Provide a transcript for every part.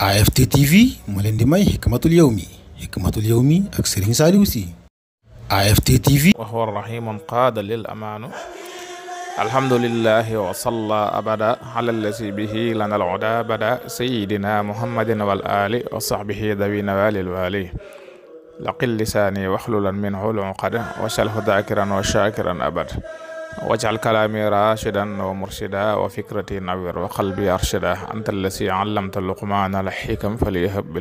AFT TV moo leen di may xikmatul yawmi xikmatul yawmi ak Serigne Saliou Sy AFT TV wa huwa rahimun qaada lil amaanu alhamdulillahi wa salla abada ala allazi bihi lana al uda bada sayidina muhammadin wal ali wa sahbihi dawi nawalil wali laqil lisaani waxlulan minhu al uqada wa shalhu dakiran wa shakiran abad wajal kalaami rashidan wa murshida wa fikrati nawir wa qalbi arshida anta allasi allamta luqmaana al xikam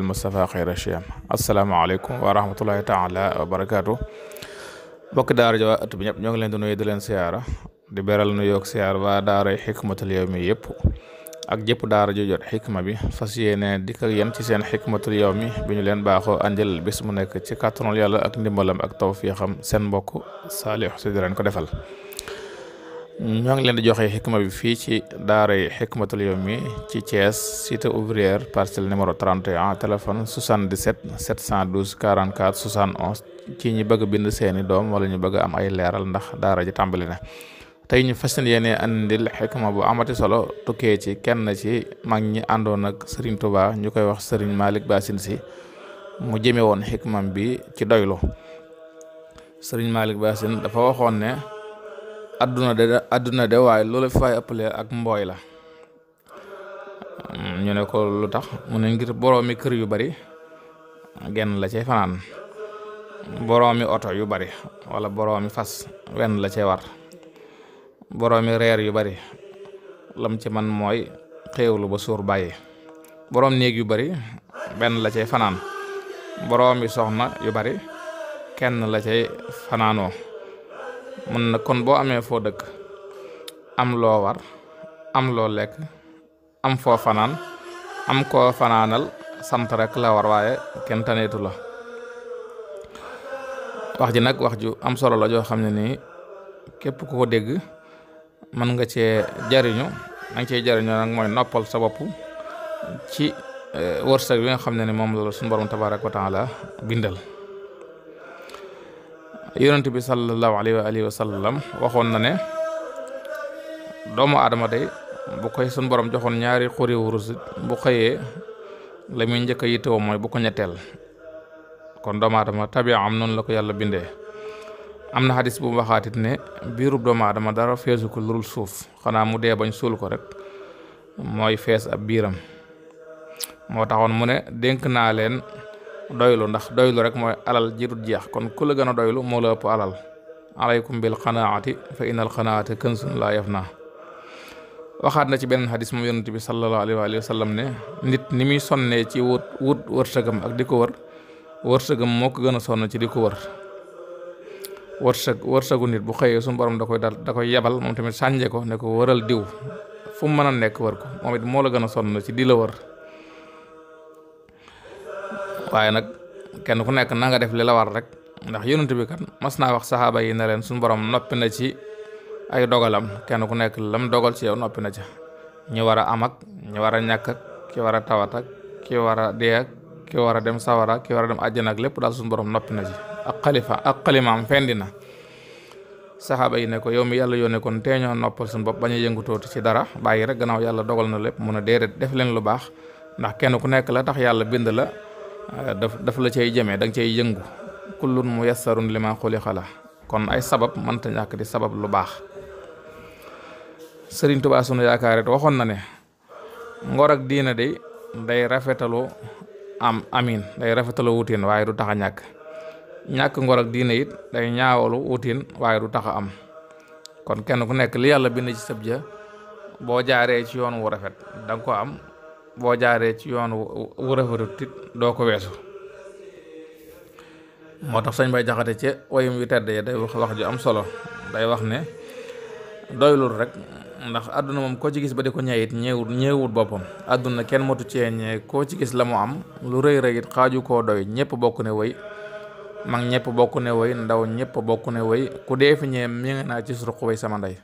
mustafa xayra shiyam assalaamu wa rahmatullahi taala wa barakaatu bokk daara ja bi ñëpp ñoo ngi leen di nuyu di leen siyaara di beral nu yoog siyaar waa ak jëpp daara ju jot xikma bi fas yéene dikk ak yéen ci seen xikmatul mi bi ñu leen baaxoo àndil bis mu nekk ci kàttanul yàlla ak ndimbalam ak taw tawfiixam seen mbokk Saliou Sy di leen ko defal ñoo ngi leen di joxe xikma bi fii ci daara yi xikmatul mi ci Thiès cité ouvrière parcelle numéro 31 téléphone 77 712 44 71 ci ñi bëgg bind seeni doom wala ñu bëgg am ay leeral ndax daara ji tàmbali na tey ñu fas yéene andil xikma bu amati solo tukkee ci kenn ci mag ñi àndoon ak sëriñ tubaa ñu koy wax sëriñ Malick Bassine si mu jëme woon xikmam bi ci doylu Serigne Malick Bassine dafa waxoon ne àdduna de adduna de waaye loolu fi fay ëppale ak mbooy la mm, ñu ne ko lu tax mu ne ngir boroomi kër yu bari genn la cay fanaan boroomi oto yu bari wala boroomi fas wenn la cay war boroomi reer yu bari lam ci man mooy xéewlu ba suur bàyyi boroom néeg yu bari benn la cay fanaan boroomi soxna yu bari kenn la cay fanaanoo mën na kon boo amee foo dëkk am loo war am loo lekk am foo fanaan am koo fanaanal sant rek la war waaye kenn taneetu la wax ji nag wax ju am solo la joo xam ne nii képp ku dégg mën nga cee jariñu da nga cee jariñu nag mooy noppal sa bopp ci e, sax bi nga xam ne ni moom la suñu borom tabaaraka wa taala bindal yonent bi sallallahu alayhi wa alihi wa waxoon na ne doomu adama day bu koy suñu borom joxoon ñaari xuri wurus bu xëyee la muy njëkk a yittewoo mooy bu ko ñetteel kon doomu aadama tabiaam noonu la ko yàlla bindee am na xadis bu waxaatit ne biiru doomu aadama dara feesu ko lurul suuf xanaa mu dee bañ suul ko rek mooy fees ab biiram moo taxoon mu ne dénk naa leen doylu ndax doylu rek mooy alal ji jeex kon ku la gën a doylu moo la ëpp alal alaykum bil qanaati fa innal qanaata kansun laa yafna waxaat na ci benn xadis moom yonent bi sallallahu alayhi wa sallam ne nit ni muy sonnee ci wut wut wërsëgam ak di ko wër wërsëgam moo ko gën a sonn ci di ko wër wërsëg wërsëgu nit bu xëyee suñ borom da koy dal da koy yebal moom tamit sànje ko ne ko wëral diw fu mu mën a nekk wër ko moom it moo la gën a sonn ci di la wër waaye nag kenn ku nekk na nga def li la war rek ndax yonent bi kan mas naa wax saxaaba yi ne leen suñu borom noppi na ci ay dogalam kenn ku nekk lam dogal ci yow noppi na ca ñi war a am ak ñi war a ñàkk ki war a tawat ak ki war a dee ki war a dem sawara ki war a dem àjjana ak lépp dal suñu borom noppi na ci ak xalifa ak xalimaam fendi na saxaaba yi ne ko yow mi yàlla yónnee kon teeñoo noppal suñu bopp bañ a yëngutootu ci dara bàyyi rek gannaaw yàlla dogal na lépp mun a déedéet def leen lu baax ndax kenn ku nekk la tax yàlla bind la eh, daf daf la cay jëmee da nga cay yëngu kullun mu yassarun li ma xuliqa la kon ay sabab mënta ñàkk di sabab lu baax Sëriñ Tuubaa sunu yaakaar it waxoon na ne am amin day rafetalu wutin waaye du tax a ñàkk ñàkk ngor ak diine it day ñaawalu wutin waaye du tax a am kon kenn ku nekk li yàlla bind ci sëb ja boo jaaree ci yoon wu rafet danga ko am boo jaaree ci yoon wu rafetut it doo ko weesu moo tax sañ bay jaxate ci wayum yu tedd ya day wax wax ju am solo day wax ne doylul rek ndax àdduna moom koo ci gis ba di ko ñeewit ñeewut ñeewut boppam àdduna kenn motu cee ñee koo ci gis la mu am lu rëy rëy it xaaju koo doy ñëpp bokk ne woy mag ñëpp bokk ne woy ndaw ñëpp bokk ne woy ku dee fi ñee mi naa ci suruq way sama ndey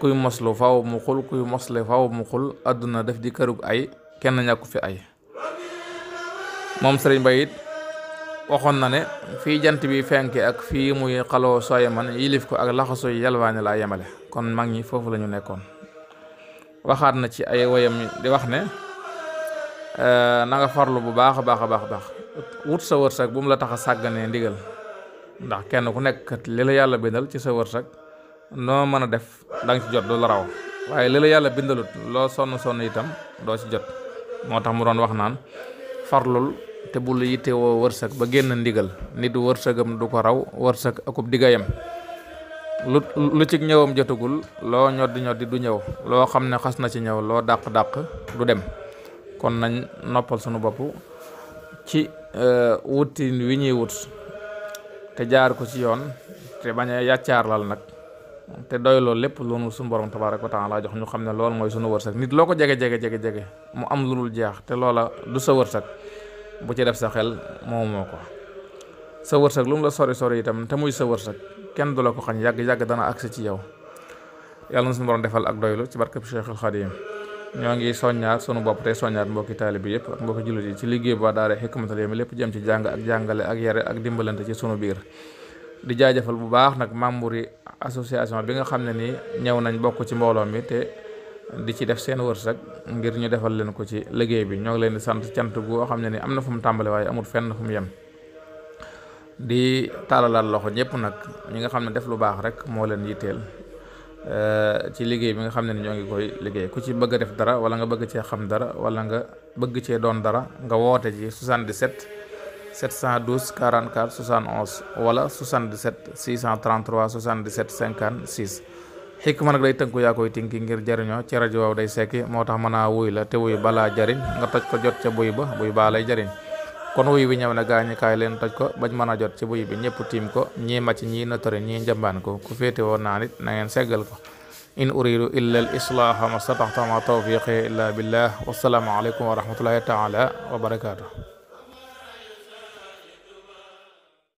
kuy moslu faw mu xul kuy mosle faw mu xul àdduna def di kërug ay kenn ñàkku fi ay moom sëriñ Bay it waxoon na ne fii jant bi fenke ak fii muy xaloo sooye man yilif ko ak laxasu yalwaane laa yemale kon mag ñi foofu la ñu nekkoon waxaat na ci ay woyam di wax ne euh, na nga farlu bu baax a baax a baax baax wut sa wërsëg bu mu la tax a sàgganee ndigal ndax kenn ku nekk li la yàlla bindal ci sa wërsëg noo mën a def danga ci jot du la raw waaye li la yàlla bindalut loo sonn sonn itam doo ci jot moo tax mu doon wax naan farlul te bul yitte woo wërsëg ba génn ndigal nit wërsëgam du ko raw wërsëg akub digayam lu lu ci ñëwam jotagul loo ñoddi ñoddi du ñëw loo xam ne xas na ci ñëw loo dàq-dàq du dem kon nañ noppal sunu bopp ci e, wutin wi ñuy wut te jaar ko ci yoon te bañ a lal nag te doy loolu lépp loolu suñu borom tabaaraka wa laa jox ñu xam ne loolu mooy sunu wërsëg nit loo ko jege jege jege jege mu am lu dul jeex te loola du sa wërsëg bu ci def sa xel moom moo ko sa wërsëg lu mu la sori sori itam te muy sa wërsëg kenn du la ko xañ yàgg yàgg dana agsi ci yow yàlla na suñu borom defal ak doylu ci barkeb Cheikhul Khadim ñoo ngi soññaat sunu bopp tey soññaat mbokki taali bi yëpp ak mbokki jullit yi ci liggéey ba daara Hikmatul Yawmi lépp jëm ci jàng ak jàngale ak yare ak dimbalante ci sunu biir di jaajëfal bu baax nag membre yi association bi nga xam ne nii ñëw nañ bokk ci mbooloo mi te di ci def seen wërsëg ngir ñu defal leen ko ci liggéey bi ñoo ngi leen di sant cant goo xam ne ni am na fu tàmbali waaye amut fenn fu mu yem di tàllalaat loxo ñëpp nag ñi nga xam ne def lu baax rek moo leen yitteel eh, ci liggéey bi nga xam ne ni ñoo ngi koy liggéey ku ci bëgg a def dara wala nga bëgg cee xam dara wala nga bëgg cee doon dara nga woote ji 77 712 44 71 wala 77 633 77 56 xikk man day tënku yaa koy tinki ngir jariñoo ci rajo waaw day sekki moo tax mën a wuy la te wuy balaa jariñ nga toj ko jot ca buy ba buy baa lay jariñ kon wuy bi ñëw na gaañukaay leen toj ko bañ mën a jot ca buy bi ñëpp tiim ko ñii màcc ñii notori ñii njambaan ko ku féete woon naa nit nangeen seggal ko in uridu illa al islaaha ma stataxta ma tawfiqi illa billah wasalaamu aleykum wa rahmatullahi taala wa barakaatu